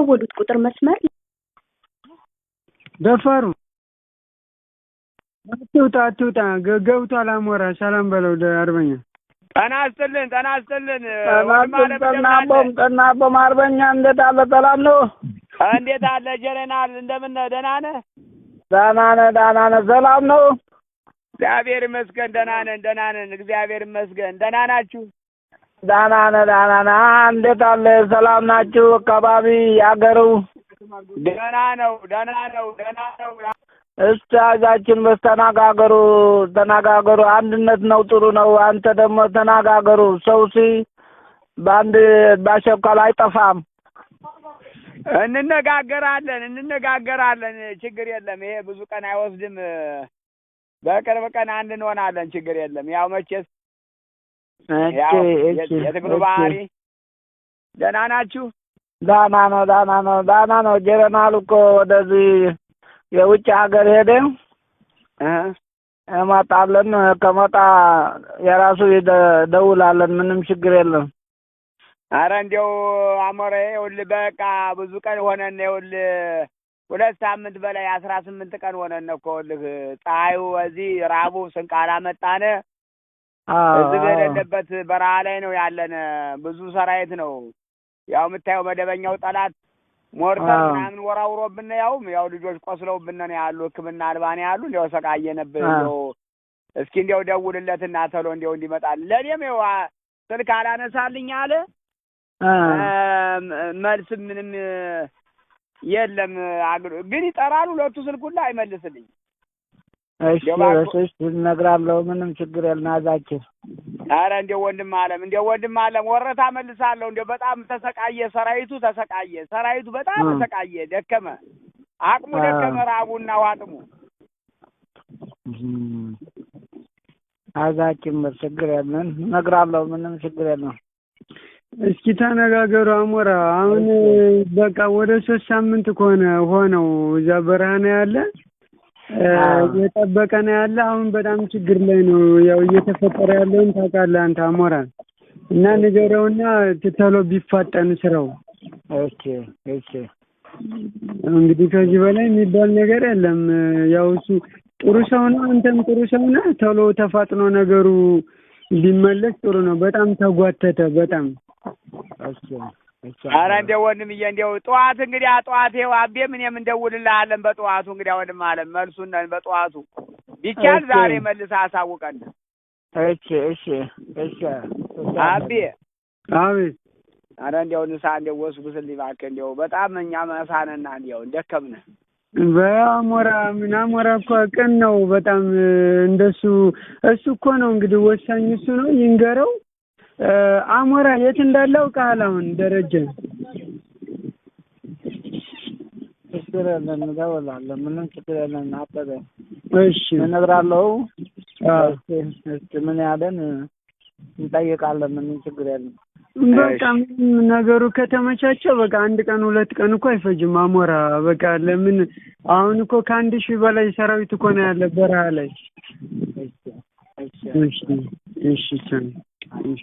ባዘወዱት ቁጥር መስመር ደፋሩ አትውጣ አትውጣ፣ ገብቷል። አሞራ ሰላም በለው አርበኛ። ጠና አስጥልን፣ ጠና አስጥልን። ጠናቦም ጠናቦም አርበኛ፣ እንዴት አለ? ሰላም ነው? እንዴት አለ ጀነራል? እንደምን ነህ? ደህና ነህ? ደህና ነህ? ደህና ነህ? ሰላም ነው? እግዚአብሔር ይመስገን፣ ደህና ነን፣ ደህና ነን፣ እግዚአብሔር ይመስገን። ደህና ናችሁ? ዳና ነህ? ዳና ነህ? እንዴት አለ? ሰላም ናችሁ? አካባቢ ያገሩ ደህና ነው። ደህና ነው። ደህና ነው። እስቲ አይዛችን በስ ተነጋገሩ፣ ተነጋገሩ። አንድነት ነው ጥሩ ነው። አንተ ደግሞ ተነጋገሩ። ሰው ሲ በአንድ ባሸኳል አይጠፋም። እንነጋገራለን፣ እንነጋገራለን። ችግር የለም። ይሄ ብዙ ቀን አይወስድም። በቅርብ ቀን አንድ እንሆናለን። ችግር የለም። ያው መቼስ የትግሉ ባህሪ ደህና ናችሁ? ዳማ ነው ዳማ ነው ዳማ ነው። ጀረናል እኮ ወደዚህ የውጭ ሀገር ሄደ እመጣለን። ከመጣ የራሱ ይደውላለን። ምንም ችግር የለም። አረ እንዲያው አሞሬ ይኸውልህ፣ በቃ ብዙ ቀን ሆነን ይኸውልህ፣ ሁለት ሳምንት በላይ አስራ ስምንት ቀን ሆነን እኮ ይኸውልህ፣ ፀሐዩ እዚህ ራቡ ስንቃላ መጣነ እዚህ ጋር የሌለበት በረሃ ላይ ነው ያለን። ብዙ ሰራዊት ነው ያው የምታየው። መደበኛው ጠላት ሞርተር ምናምን ወራውሮብን ያውም ያው ልጆች ቆስለውብን ነው ያሉ። ሕክምና አልባን ያሉ እንዲያው ሰቃየንብህ። እንዲያው እስኪ እንዲያው ደውልለት እና ተሎ እንዲያው እንዲመጣል። ለእኔም ይኸው ስልክ አላነሳልኝ አለ። መልስ ምንም የለም። ግን ይጠራል ሁለቱ ስልኩላ አይመልስልኝ እሺ እሺ እነግራለሁ። ምንም ችግር የልናዛችን አረ እንደ ወንድም አለም እንደ ወንድም አለም ወረታ መልሳለሁ። እንደ በጣም ተሰቃየ ሰራዊቱ ተሰቃየ ሰራዊቱ በጣም ተሰቃየ፣ ደከመ፣ አቅሙ ደከመ። ራቡና ዋጥሙ አዛችም ችግር የለን እነግራለሁ። ምንም ችግር የለም። እስኪ ተነጋገሩ አሞራ። አሁን በቃ ወደ ሶስት ሳምንት ከሆነ ሆነው እዛ በረሃ ነው ያለ እየጠበቀ ነው ያለ። አሁን በጣም ችግር ላይ ነው ያው እየተፈጠረ ያለውን ታውቃለህ አንተ አሞራ እና ንገረውና ትተሎ ቢፋጠን ስራው። እንግዲህ ከዚህ በላይ የሚባል ነገር የለም። ያው እሱ ጥሩ ሰው ነው፣ አንተም ጥሩ ሰው ነህ። ቶሎ ተፋጥኖ ነገሩ ቢመለስ ጥሩ ነው። በጣም ተጓተተ በጣም ኧረ እንደው ወንድምዬ እንደው ጠዋት እንግዲህ ጠዋት ይኸው አቤም እኔም እንደውልልሃለን በጠዋቱ እንግዲህ ወንድም አለ መልሱን በጠዋቱ ቢቻል ዛሬ መልስ አሳውቀን። እሺ እሺ እሺ። አቤ አቤት። አረ እንደው ንሳ እንደው ወስጉስልኝ እባክህ እንደው በጣም እኛ መሳነና እንደው እንደከምነ በአሞራ ምን አሞራ እኮ ቀን ነው በጣም እንደሱ እሱ እኮ ነው እንግዲህ ወሳኝ እሱ ነው ይንገረው አሞራ የት እንዳለው ቃል አሁን ደረጀ ችግር ምንም ችግር አበበ እሺ፣ እስኪ ምን ያለን እንጠይቃለን። ምንም ችግር በቃ ነገሩ ከተመቻቸው በቃ አንድ ቀን ሁለት ቀን እኮ አይፈጅም። አሞራ በቃ ለምን አሁን እኮ ከአንድ ሺህ በላይ ሰራዊት እኮ ነው ያለ በረሃ ላይ። እሺ እሺ እሺ እሺ